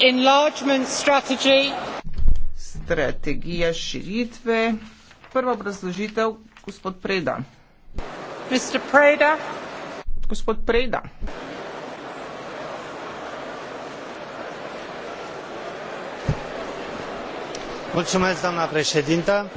enlargement strategy. Strategija širitve. Prva obrazložitev, gospod Preda. Mr. Preda. Gospod Preda. Mulțumesc, doamna președintă.